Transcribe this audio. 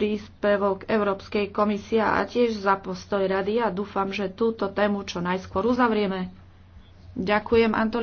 príspevok Európskej komisie a tiež za postoj rady a dúfam, že túto tému čo najskôr uzavrieme. Ďakujem, Antoli.